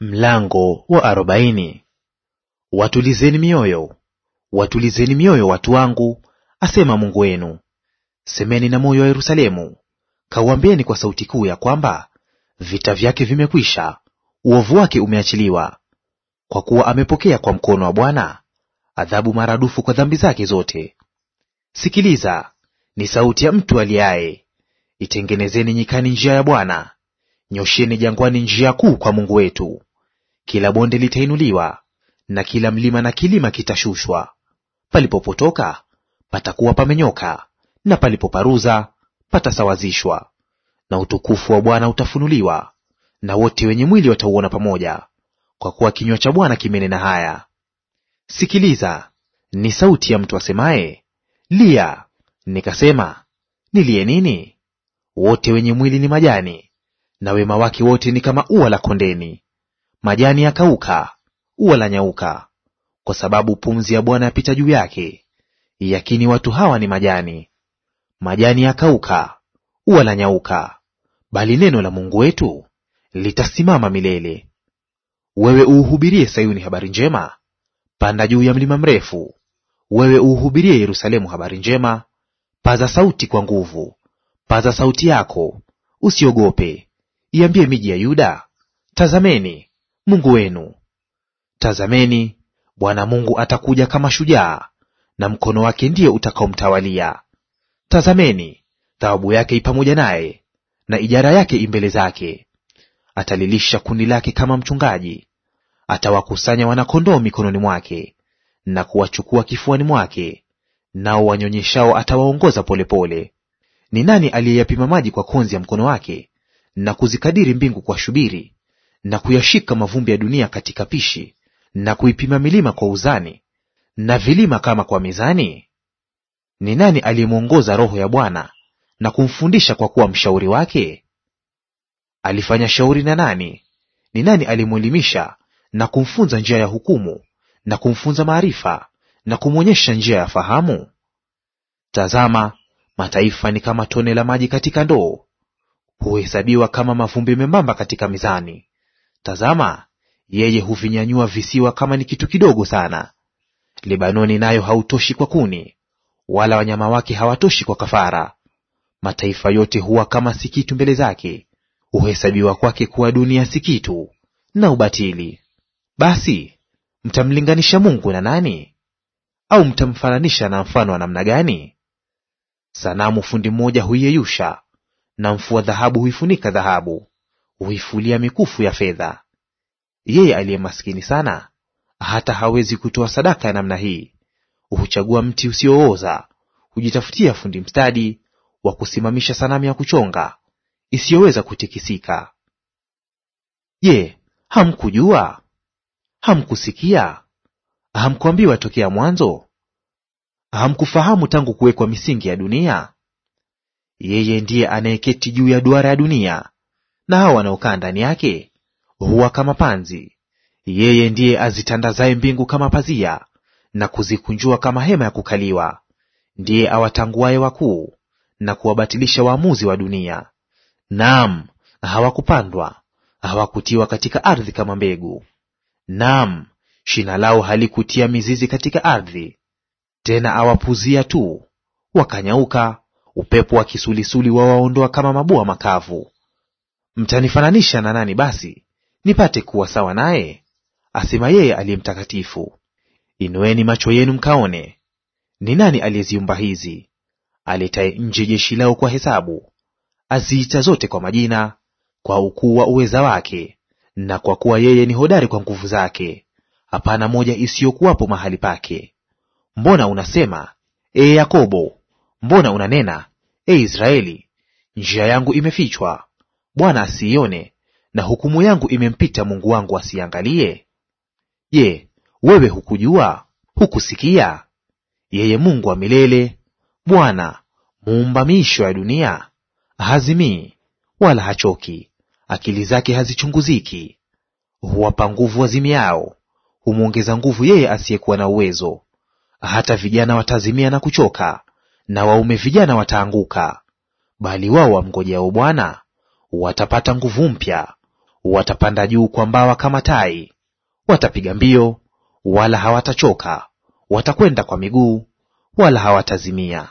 Mlango wa arobaini. Watulizeni mioyo, watulizeni mioyo watu wangu, asema Mungu wenu. Semeni na moyo wa Yerusalemu, kauambieni kwa sauti kuu ya kwamba vita vyake vimekwisha, uovu wake umeachiliwa. Kwa kuwa amepokea kwa mkono wa Bwana adhabu maradufu kwa dhambi zake zote. Sikiliza, ni sauti ya mtu aliaye, itengenezeni nyikani njia ya Bwana, nyosheni jangwani njia kuu kwa Mungu wetu. Kila bonde litainuliwa na kila mlima na kilima kitashushwa. Palipopotoka patakuwa pamenyoka, na palipoparuza patasawazishwa. Na utukufu wa Bwana utafunuliwa, na wote wenye mwili watauona pamoja, kwa kuwa kinywa cha Bwana kimenena haya. Sikiliza, ni sauti ya mtu asemaye, lia. Nikasema, nilie nini? Wote wenye mwili ni majani, na wema wake wote ni kama ua la kondeni majani yakauka, ua nyauka kwa sababu pumzi ya Bwana yapita juu yake. Yakini watu hawa ni majani. Majani yakauka, ua nyauka bali neno la Mungu wetu litasimama milele. Wewe uuhubirie Sayuni habari njema, panda juu ya mlima mrefu. Wewe uuhubirie Yerusalemu habari njema, paza sauti kwa nguvu, paza sauti yako, usiogope. Iambie miji ya Yuda, tazameni Mungu wenu. Tazameni, Bwana Mungu atakuja kama shujaa, na mkono wake ndiye utakaomtawalia. Tazameni, thawabu yake i pamoja naye, na ijara yake imbele zake. Atalilisha kundi lake kama mchungaji, atawakusanya wanakondoo mikononi mwake, na kuwachukua kifuani mwake, nao wanyonyeshao atawaongoza polepole. Ni nani aliyeyapima maji kwa konzi ya mkono wake, na kuzikadiri mbingu kwa shubiri, na kuyashika mavumbi ya dunia katika pishi, na kuipima milima kwa uzani, na vilima kama kwa mizani? Ni nani aliyemwongoza Roho ya Bwana na kumfundisha kwa kuwa mshauri wake? Alifanya shauri na nani? Ni nani aliyemwelimisha na kumfunza njia ya hukumu, na kumfunza maarifa, na kumwonyesha njia ya fahamu? Tazama, mataifa ni kama tone la maji katika ndoo, huhesabiwa kama mavumbi membamba katika mizani. Tazama, yeye huvinyanyua visiwa kama ni kitu kidogo sana. Lebanoni nayo hautoshi kwa kuni, wala wanyama wake hawatoshi kwa kafara. Mataifa yote huwa kama si kitu mbele zake, huhesabiwa kwake kuwa dunia si kitu na ubatili. Basi mtamlinganisha Mungu na nani? Au mtamfananisha na mfano wa namna gani? Sanamu fundi mmoja huiyeyusha, na mfua dhahabu huifunika dhahabu huifulia mikufu ya fedha. Yeye aliye maskini sana hata hawezi kutoa sadaka ya namna hii. Huchagua mti usiooza, hujitafutia fundi mstadi wa kusimamisha sanamu ya kuchonga isiyoweza kutikisika. Je, hamkujua? Hamkusikia? Hamkuambiwa tokea mwanzo? Hamkufahamu tangu kuwekwa misingi ya dunia? Yeye ndiye anayeketi juu ya duara ya dunia na hao wanaokaa ndani yake huwa kama panzi. Yeye ndiye azitandazaye mbingu kama pazia, na kuzikunjua kama hema ya kukaliwa. Ndiye awatanguaye wakuu, na kuwabatilisha waamuzi wa dunia. Naam, hawakupandwa, hawakutiwa katika ardhi kama mbegu. Naam, shina lao halikutia mizizi katika ardhi. Tena awapuzia tu, wakanyauka, upepo wa kisulisuli wawaondoa kama mabua makavu. Mtanifananisha na nani basi nipate kuwa sawa naye? Asema yeye aliye mtakatifu. Inueni macho yenu mkaone, ni nani aliyeziumba hizi, aletaye nje jeshi lao kwa hesabu? Aziita zote kwa majina, kwa ukuu wa uweza wake, na kwa kuwa yeye ni hodari kwa nguvu zake, hapana moja isiyokuwapo mahali pake. Mbona unasema, ee Yakobo? Mbona unanena, e Israeli? Njia yangu imefichwa Bwana asiione na hukumu yangu imempita Mungu wangu asiangalie? Je, wewe hukujua? Hukusikia? Yeye Mungu wa milele, Bwana muumba miisho ya dunia, hazimii wala hachoki, akili zake hazichunguziki. Huwapa nguvu wazimiao, humwongeza nguvu yeye asiyekuwa na uwezo. Hata vijana watazimia na kuchoka, na waume vijana wataanguka, bali wao wamngojeao Bwana watapata nguvu mpya, watapanda juu kwa mbawa kama tai, watapiga mbio wala hawatachoka, watakwenda kwa miguu wala hawatazimia.